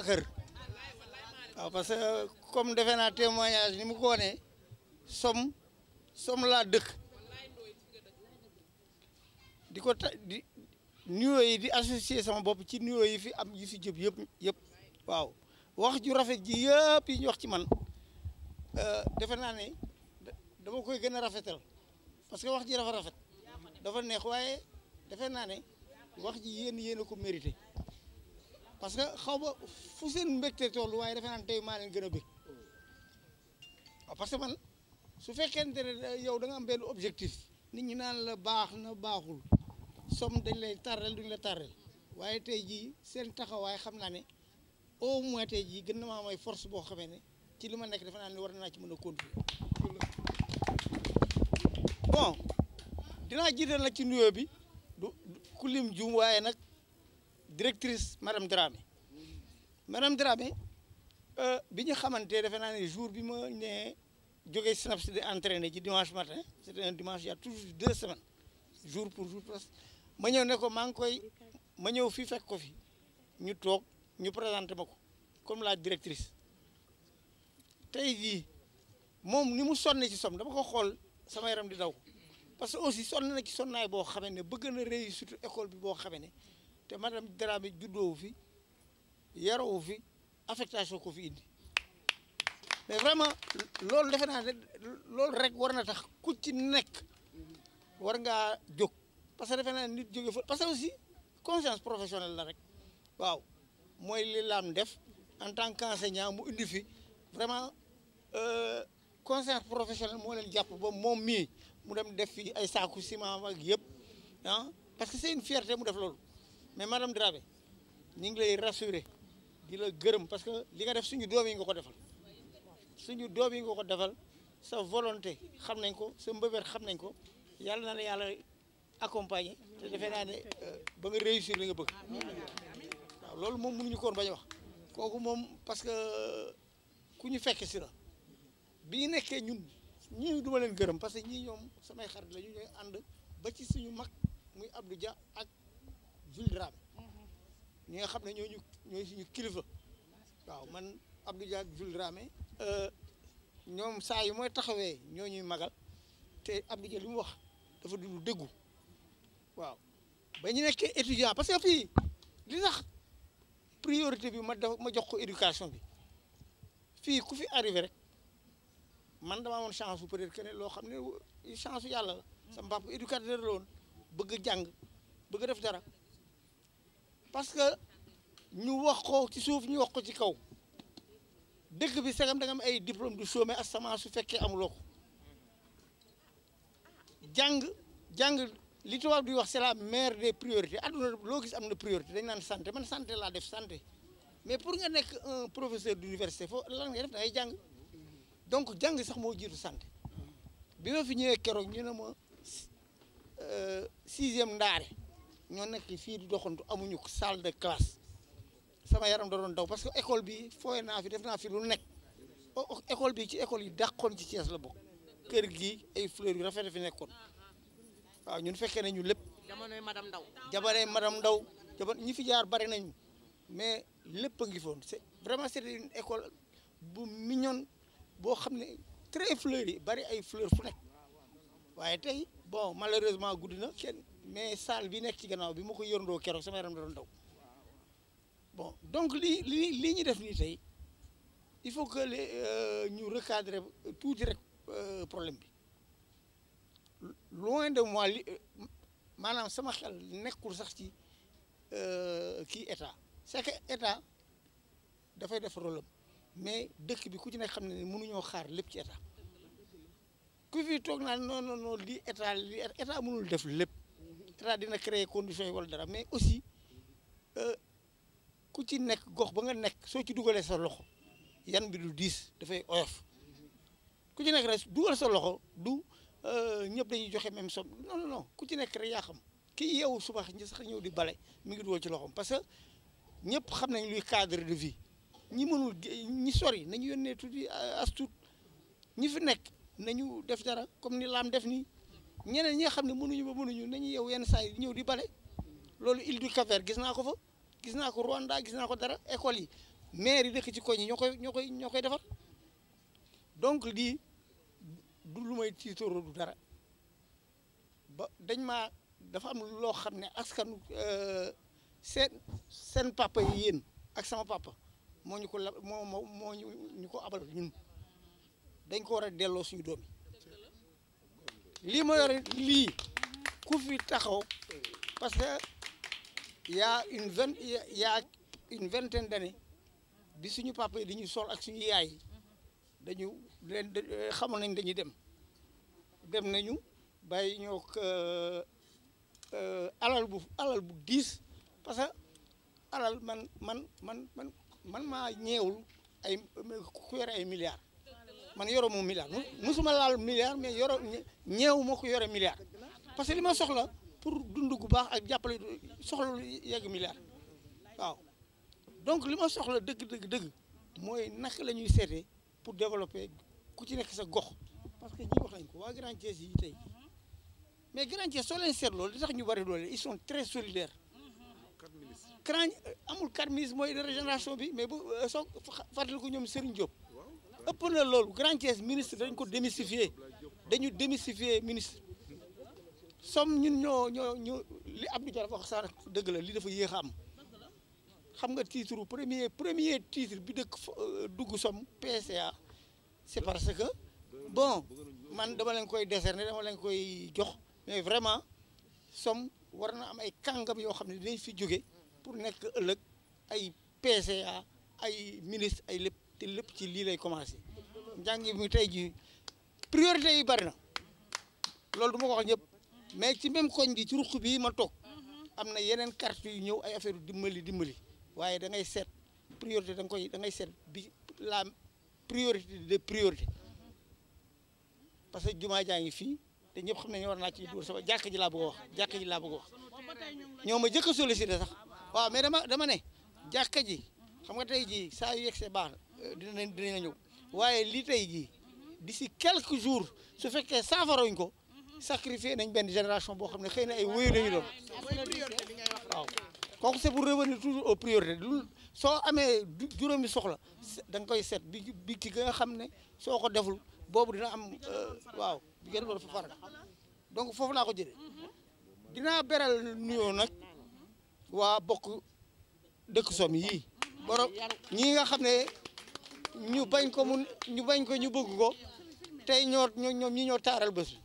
waa kër parce que comme defe naa témoignage ni mu ko wonee som som laa dëkk di ko ta di nuyoo di associé sama bopp ci nuyoo yi fi am yi fi jëb yëpp yëpp waaw wax ju rafet ji yëpp yi ñu wax ci man euh, defe naa ne dama koy gën a rafetal parce que wax ji dafa rafet dafa neex waaye defe naa ne wax ji yéen yéen a ko mérité parce que xaw ma fu seen mbégte toll waaye defe naan tey maa leen gën a bég ah, parce que man su fekkente ne yow da nga am benn objectif nit ñi naan la baax na baaxul som dañ lay tàrrel duñ la tàrrel waaye tey jii seen taxawaay xam naa ne au moins tey jii gën na maa may force boo xamee ne ci li ma nekk dafa naan ne war naa ci mën a continuer bon dinaa jiital nag ci nuyoo bi du ku lim jum waaye nag directrice madame Dramé madame Dramé euh, bi ñu xamante defe naa ne jour bi ma nee jógee SNAPS di entraîné ci dimanche matin c'était un dimanche il toujours deux semaines jour pour jour presque ma ñëw ne ko maa ngi koy ma ñëw fii fekk ko fi ñu toog ñu présenté ma ko comme la directrice tey jii moom ni mu sonne ci som dama ko xool sama yaram di daw parce que aussi sonn na ci sonnaay boo xamee ne bëgg na réussir école bi boo xamee ne te madame Dramé juddoowu fi yarowu fi affectation ko fi indi mais vraiment loolu defe naa loolu rek war na tax ku ci nekk war ngaa jóg parce que defe naa nit jóge fa parce que aussi conscience professionnelle la rek waaw mooy li laam def en tant qu'enseignant mu indi fi vraiment euh, conscience professionnelle moo leen jàpp ba moom mii mu dem def fi ay saaku ciment ak yëpp ah parce que c'est une mu def loolu mais madame Dramé ñu ngi lay rassurer di la gërëm parce que li nga def suñu doom yi nga ko defal suñu doom yi nga ko defal sa volonté xam nañ ko sa mbëbër xam nañ ko yàlla na la yàlla accompagner te defe naa ne euh, ba nga réussir li nga bëgg waaw loolu moom mënuñu koon bañ wax kooku moom parce que euh, ku ñu fekk si la bi ñu nekkee ñun ñii duma leen gërëm parce que ñii ñoom samay xarit la ñu ñooy ànd ba ci suñu mag muy Abdou Dia ak Jules Dramé ñi nga xam ne ñooñu ñooy suñu kilifa waaw man Abdou Diak Jules euh, ñoom saa yu mooy taxawee ñoo ñuy magal te Abdou Diak li mu wax dafa du lu dëggu waaw ba ñu nekkee étudiant parce que fii li tax priorité bi ma def ma jox ko éducation bi fii ku fi arrivé rek man damaa moon chance bu peut-être que loo xam ne chance yàlla la. sama papa éducateur la bëgg jàng bëgg def dara. parce que ñu wax ko ci suuf ñu wax ko ci kaw dëkk bi sagam da am ay diplôme du chômé asamaan su fekkee amuloo ko jàng jàng li tubaab di wax c'est la mère des priorités adduna loo gis am na priorité dañ naan santé man santé laa def santé mais pour nga nekk un professeur d'université foo lan ngay def da ngay jàng donc jàng sax moo jiitu santé bi ma fi ñëwee keroog ñu ne ma euh, sixième ndaare ñoo nekk fii di doxantu amuñu salle de classe sama yaram daroon daw parce que école bi foo naa fi def naa fi lu oo école bi ci école yi dàqoon ci Thiès la bokk kër gi ay fleurs yu rafet fi nekkoon waaw ñun fekkee nañu lépp. jamonoy madame Ndaw jamonoy madame Ndaw jamono ñi fi jaar bari nañu mais lépp a ngi foon vraiment c'est école bu mignonne boo xam ne très yi bari ay fleurs fu nekk waaye tey bon malheureusement guddi na kenn. mais salle bi nekk ci gannaaw bi ma ko yërndoo keroog sama yaram da doon daw bon donc li li lii ñu def nii tey il faut que le euh, ñu recadrer tuuti rek euh, problème bi loin de mois li euh, maanaam sama xel nekkul sax ci kii état c'est que état dafay def rôle mais dëkk bi ku ci nekk xam ne ni mënuñoo xaar lépp ci état ku fi toog naa non non non lii état état mënul def lépp. état dina créer conditions yi wala dara mais aussi euh, ku ci nekk gox ba nga nekk soo ci dugalee sa loxo yan bi du diis dafay oyof ku ci nekk rek dugal sa loxo du euh, ñëpp dañuy joxe même somme non non non ku ci nekk rek yaa xam kii yeewu subax ñi sax ñëw di bale mi ngi dugal ci loxoom parce que ñëpp xam nañ luy cadre de vie ñi mënul ñi sori nañu yónnee tuuti euh, as tuut ñi fi nekk nañu def dara comme ni laam def nii. ñeneen ñi nga xam ne mënuñu ba mënuñu nañu yow yenn saa yi ñëw di bale loolu Île du cap gis naa ko fa gis naa ko Rwanda gis naa ko dara école yi maire yi dëkk ci koñ yi ñoo koy ñoo koy ñoo koy defar donc lii du lu may tiitooro du dara ba dañ maa dafa am loo xam ne askanu euh, seen seen papa yi yéen ak sama papa moo ñu ko la moo moo ñu ko abal ñun dañ ko war a delloo suñu doom yi lii ma yore lii ku fi taxaw parce que y a une vingt y a une vingtaine d'années bi suñu papa yi dañuy sol ak suñu yaay dañu leen xamoon nañ dañuy dem dem nañu bàyyi ñoo euh, euh, alal bu alal bu diis parce que alal man man man man man maa ñeewul ay ku yore ay milliards man yoroo mu milliard musuma laal milliard mais yoro ñeew ma ko yore milliard parce que li ma soxla pour dund gu baax ak jàppale soxla yegg milliard waaw donc li ma soxla dëgg dëgg mooy naka la ñuy seetee pour développer ku ci nekk sa gox parce que ñi wax nañ ko waa Grand Thiès yi tey mais Grand Thiès soo leen seetloo li tax ñu bari doole ils très solidaires grand amul quatre ministres mooy régénération bi mais bu soo ko ñoom Serigne Diop ëpp na loolu Grand Thiès ministre dañ ko démystifier dañu démystifier ministre som ñun ñoo ñoo ñu li Abdou Diarra wax sax dëgg la li dafa yéex a am xam nga titre premier premier titre bi dëkk euh, dugg som PCA c'est parce que bon man dama leen koy ne dama leen koy jox mais vraiment som war na am ay kàngam yoo xam ne dañ fi jóge pour nekk ëllëg ay PCA ay ministre ay lépp te lépp ci lii lay commencé njàng mi tey jii priorité yi bari na loolu du ma ko wax ñëpp mais ci même koñ bi ci ruq bii ma toog am na yeneen carte yu ñëw ay affaire dimbali dimbali waaye da ngay seet priorité da nga koy da ngay seet bi la priorité des priorités parce que jumaa jaa ngi fii te ñëpp xam nañu war naa ci dóor sama jàkk ji laa bëgg wax jàkk ji laa bëgg wax ñoo ma jëkk a sollicité sax waaw mais dama dama ne jàkk ji xam nga tey jii saa yu yegsee baax na euh, dina dinañ la ñëw waaye lii tey jii si quelque jours su fekkee saafaruñ ko sacrifier nañ benn génération boo xam ne xëy na ay wéyu lañu doon waaw kooku c'est pour revenir toujours aux priorités lu soo amee juróomi soxla da koy seet bi bi ci nga xam ne soo ko deful boobu dina am euh, waaw bi gën dafa far donc foofu laa ko jëlee dinaa beral nuyoo nag waa bokk dëkk som yii borom ñi nga xam ne ñu bañ ko mun ñu bañ ko ñu bëgg ko tey ñoo ñoom ñi ñoo taaral bés bi